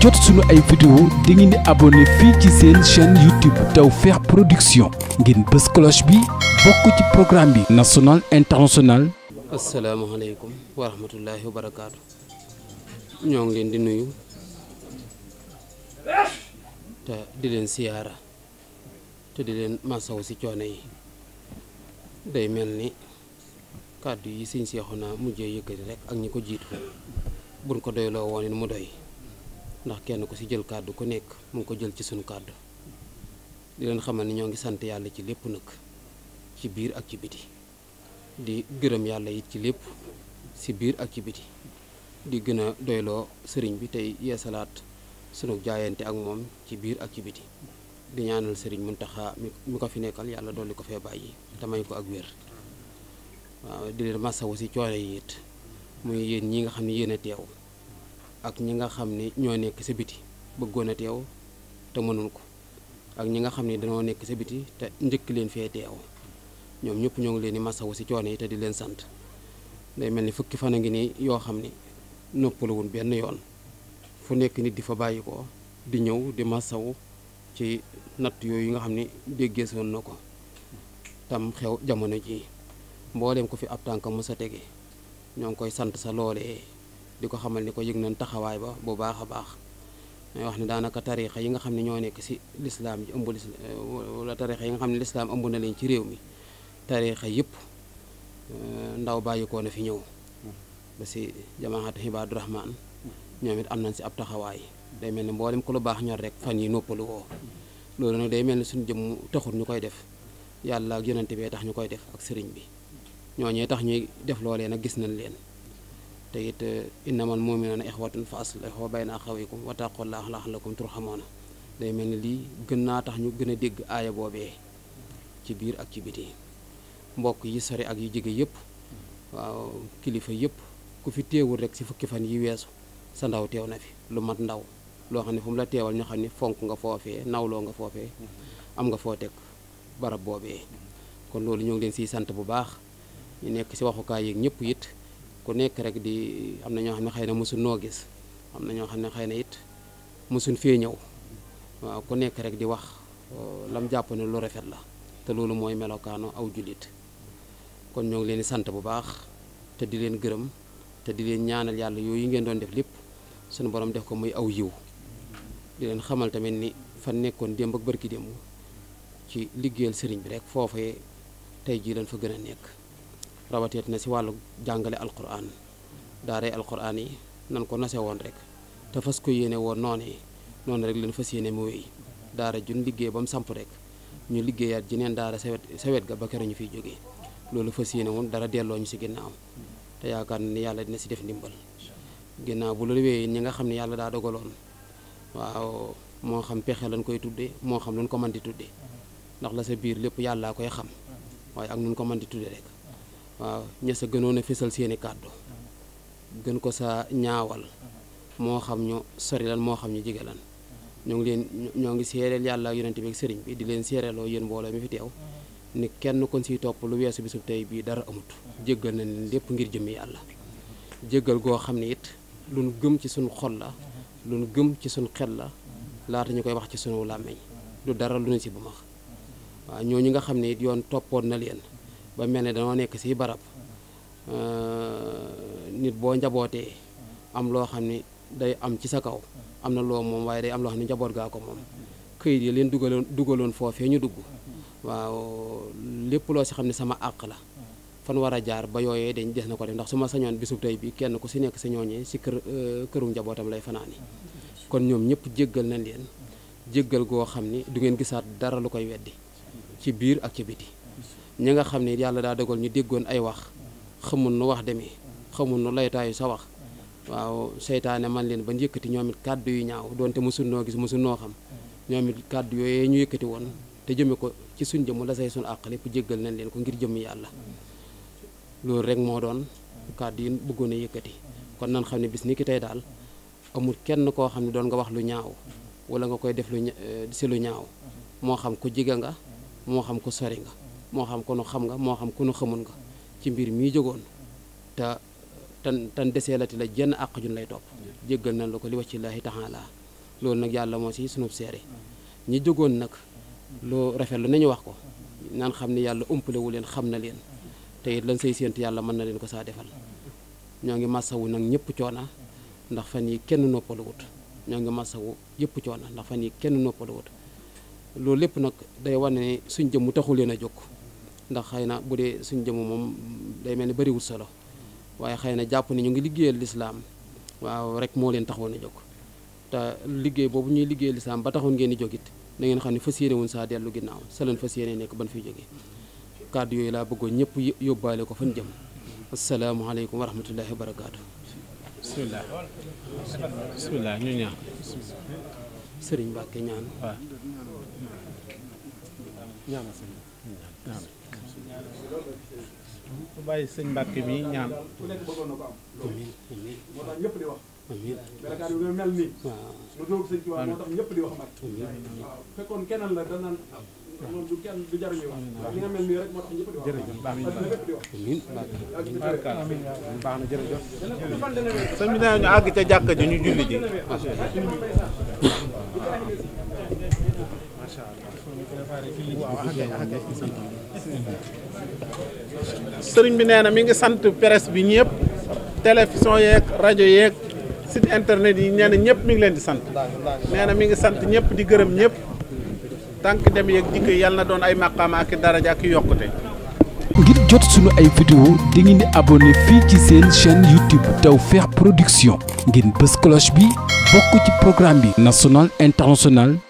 jot suñu ay vidéo da ngeen di abonné fii ci seen chaîne YouTube Tawfekh Production ngeen bës cloche bi bokk ci programme bi national international asalaamaaleykum wa rahmatullahi wa barakaatu ñoo ngi leen di nuyu te di leen siyaara te di leen masaw si coono yi day mel ni kàddu yi sëñ Seexuna mujjee yëkkati rek ak ñi ko jiitu buñ ko doyloo woon mu doy ndax kenn ku ci jël kàddu ku nekk mu ngi ko jël ci sunu kàddu di leen xamal ni ñoo ngi sant yàlla ci lépp nag ci biir ak ci biti di gërëm yàlla it ci lépp si biir ak di gën a doyloo sëriñ bi tey yeesalaat sunu jaayante ak moom ci biir ak ci biti di ñaanal sëriñ Muntaxa mi ko fi nekkal yàlla dolli ko fee bàyyi te ko ak wér waaw di leen massa si coono yi it muy yéen ñi nga xam ne yéen a teew ak ñi nga xam ni ñoo nekk sa biti bëggoon a teew te mënul ko ak ñi nga xam ni dañoo nekk sa biti te njëkk leen fee teew ñoom ñëpp ñoo ngi leen di masawu si coono yi te di leen sant day mel ni fukki fan a ngi nii yoo xam ne noppaluwun benn yoon fu nekk nit di fa bàyyi ko di ñëw di masawu ci natt yooyu nga xam ne déggeesoon na ko tam xew jamono ji mboolem ko fi ab tànk mos tege ñoo ngi koy sant sa loolee. di ko xamal ni ko yëg nañ taxawaay ba bu baax a baax may wax ne daanaka tarixa yi nga xam ne ñoo nekk si lislaam ji ëmb wala tarixa yi nga xam ne lislaam ëmb na leen ci réew mi tarixa yëpp euh, ndaw bàyyikoo na fi ñëw ba si jamaatu du Rahmaan ñoom it am nañ si ab taxawaay day mel ni mboolem ku lu baax ñor rek fan yi noppalu loolu nag day mel ni suñu jëmm taxut ñu koy def yàlla ak yonante bee tax ñu koy def ak sëriñ bi ñoo ñooñee tax ñuy def loolee nag gis nañ leen te it eh, innamal mu'minuuna ixwatun fa aslihu ixwa bayna axawikum wattaqullaaha la'allakum turhamuuna day mel ni lii gën naa tax ñu gën a dégg aaya boobee ci biir ak ci biti mbokk yi sore ak yu jege yëpp waaw kilifa yëpp ku fi teewul rek si fukki fan yi weesu sa ndaw teew na fi lu mat ndaw loo xam ne fu la teewal ñu xam ne fonk nga foofee nawloo nga foofee am nga foo teg barab boobee kon loolu ñoo ngi leen siy sant bu baax ñu nekk si waxukaay yeeg ñëpp it ku nekk rek di am na ñoo xam xëy na mosuñ noo gis am na xam ne xëy na it mosuñ fee ñëw ku nekk rek di wax uh, lam jàpp ne lu rafet la te loolu mooy melokaano aw jullit kon ñoo ngi leen sant bu baax te di leen gërëm te di leen ñaanal yàlla yooyu ngeen doon def lépp sunu boroom def ko muy aw yiw di leen xamal tamit ni fan nekkoon démb ak barki démb ci liggéeyal sëriñ bi rek foofee tey jii leen fa gën a nekk rawateet na si wàllu jàngale alquran daaree alquran yi nan ko nase woon rek te fas ko yéene woon noonee noonu rek leen fas yéene mu wéy daara jun liggéey ba mu samp rek ñu liggéeyaat neen daara sawet sawet ga ba keroog ñu fiy jógee loolu fas yéene woon dara delloo ñu si ginnaaw te yaakaar na ni yàlla dina si def ndimbal ginnaaw bu loolu wéyee ñi nga xam ne yàlla daa dogaloon waaw moo xam pexe lañ koy tudde moo xam luñ ko mën di tudde ndax la sa biir lépp yàllaa koy xam waaye ak nun ko mën di tudde rek waaw ña sa gënoon a fésal seeni kàddu gën ko sa ñaawal moo xam ñu sori lan moo xam ñu jige lan ñoo ngi leen ñoo ngi seereel yàlla ak yonent bi ak sëriñ bi di leen seereeloo yéen mbooloo mi fi teew ni kenn kon siy topp lu weesu bisub tey bii dara amut jéggal na leen lépp ngir jëmmi yàlla jéggal goo xam ne it lu gëm ci suñ xol la luñ gëm ci suñ xel la laata ñu koy wax ci sunu làmmiñ lu dara lu ñu si buma waaw ñoo ñi nga xam ne it yoon toppoon na leen ba mel ne danoo nekk si barab euh, nit boo njabootee am loo xam ne day am ci sa kaw am na loo moom waaye day am loo xam ne njaboot gaa ko moom këyit yi leen dugaloon dugaloon foofee ñu dugg waaw lépp loo si xam ne sama àq la fan war a jaar ba yooyee dañ des na ko def ndax su ma sañoon su tey bi kenn ku si nekk si ñooñee si kër euh, këru njabootam lay fanaani kon ñoom ñëpp jéggal nañ leen jéggal goo xam ni du ngeen gisaat dara lu koy weddi ci biir ak ci biti ñi nga xam ne yàlla daa dogal ñu déggoon ay wax xamul nu wax demee xamul nu laytaayu sa wax waaw seytaane man leen ba yëkkati ñoom it kàddu yu ñaaw doonte mësul noo gis mësul noo xam ñoom it kàddu yooyee ñu yëkkati woon te jëme ko ci suñ jëmm la say suñ àq lépp jéggal nañ leen ko ngir jëmm yàlla loolu rek moo doon kàddu yi bëggoon a yëkkati kon nan xam ne bis ni ki tey daal amul kenn koo xam ne doon nga wax lu ñaaw wala nga koy def lu eh, si lu ñaaw moo xam ku jige nga moo xam ku sori moo xam ku nu xam nga moo xam ku nu xamul nga ci mbir mii jógoon te tan tan deseelati la la jenn àq jun lay topp jéggal nañ la ko li wax ci wàccillaahi laa loolu nag yàlla moo si sunub seere ñi jógoon nag loo rafetlu nañu wax ko naan xam ne yàlla umpalewu leen xam na leen te it lan say séentu yàlla mën na leen ko saa defal ñoo ngi wu nag ñëpp coona ndax fan yi kenn noppaluwut ñoo ngi masawu yëpp coona ndax fan yi kenn noppaluwut loolu lépp nag day wane ne suñ mu taxul leen a jóg ndax xëy na bu dee suñ jëmm moom day mel ni bëriwul solo waaye xëy na jàpp ni ñu ngi liggéeyal lislaam waaw rek moo leen taxawoon a jóg te liggéey boobu ñuy liggéeyal lislaam ba taxoon ngeen di jógit da ngeen xam ne fas yéene wuñ saa dellu ginnaaw sa leen fas yéene nekk ban fiy jógee kàddu yooyu laa bëggoon ñëpp yóbbaale ko fan jëm asalaamualeykum wa rahmatullahi wa barakaatu bisimilah bisimilah ñu ñaan sëriñ Mbàkke ñaan ku bàyyi sëñ Mbàkke mi ñaan. ku nekk bëggoon na ko am. amiin amiin moo tax ñëpp di wax. amiin melokaan yu mel nii. waaw lu dóor sëñ Tuubaa moo tax ñëpp di wax mag. waaw fekkoon keneen la danaan moom du kenn du jar ñuy wax. waaw li nga mel nii rek moo tax ñëpp di wax. jërëjëf baax nañu baax amiin baax na jërëjëf. sëñ bi nee ñu àgg ca jàkka ji ñu julli ji. sëriñ bi nee na mi ngi sant presse bi ñëpp télévision yeeg rajo yeeg site internet yi nee na ñëpp mi ngi leen di sant nee mi ngi sant ñëpp di gërëm ñëpp tànk dem yeeg dikk yàlla na doon ay maqaama ak i daraja ak i yokkute ngir jot sunu ay vidéo di ngeen di abonné fii ci seen chaîne YouTube Tawfekh Production ngeen bës cloche bi bokk ci programme bi national international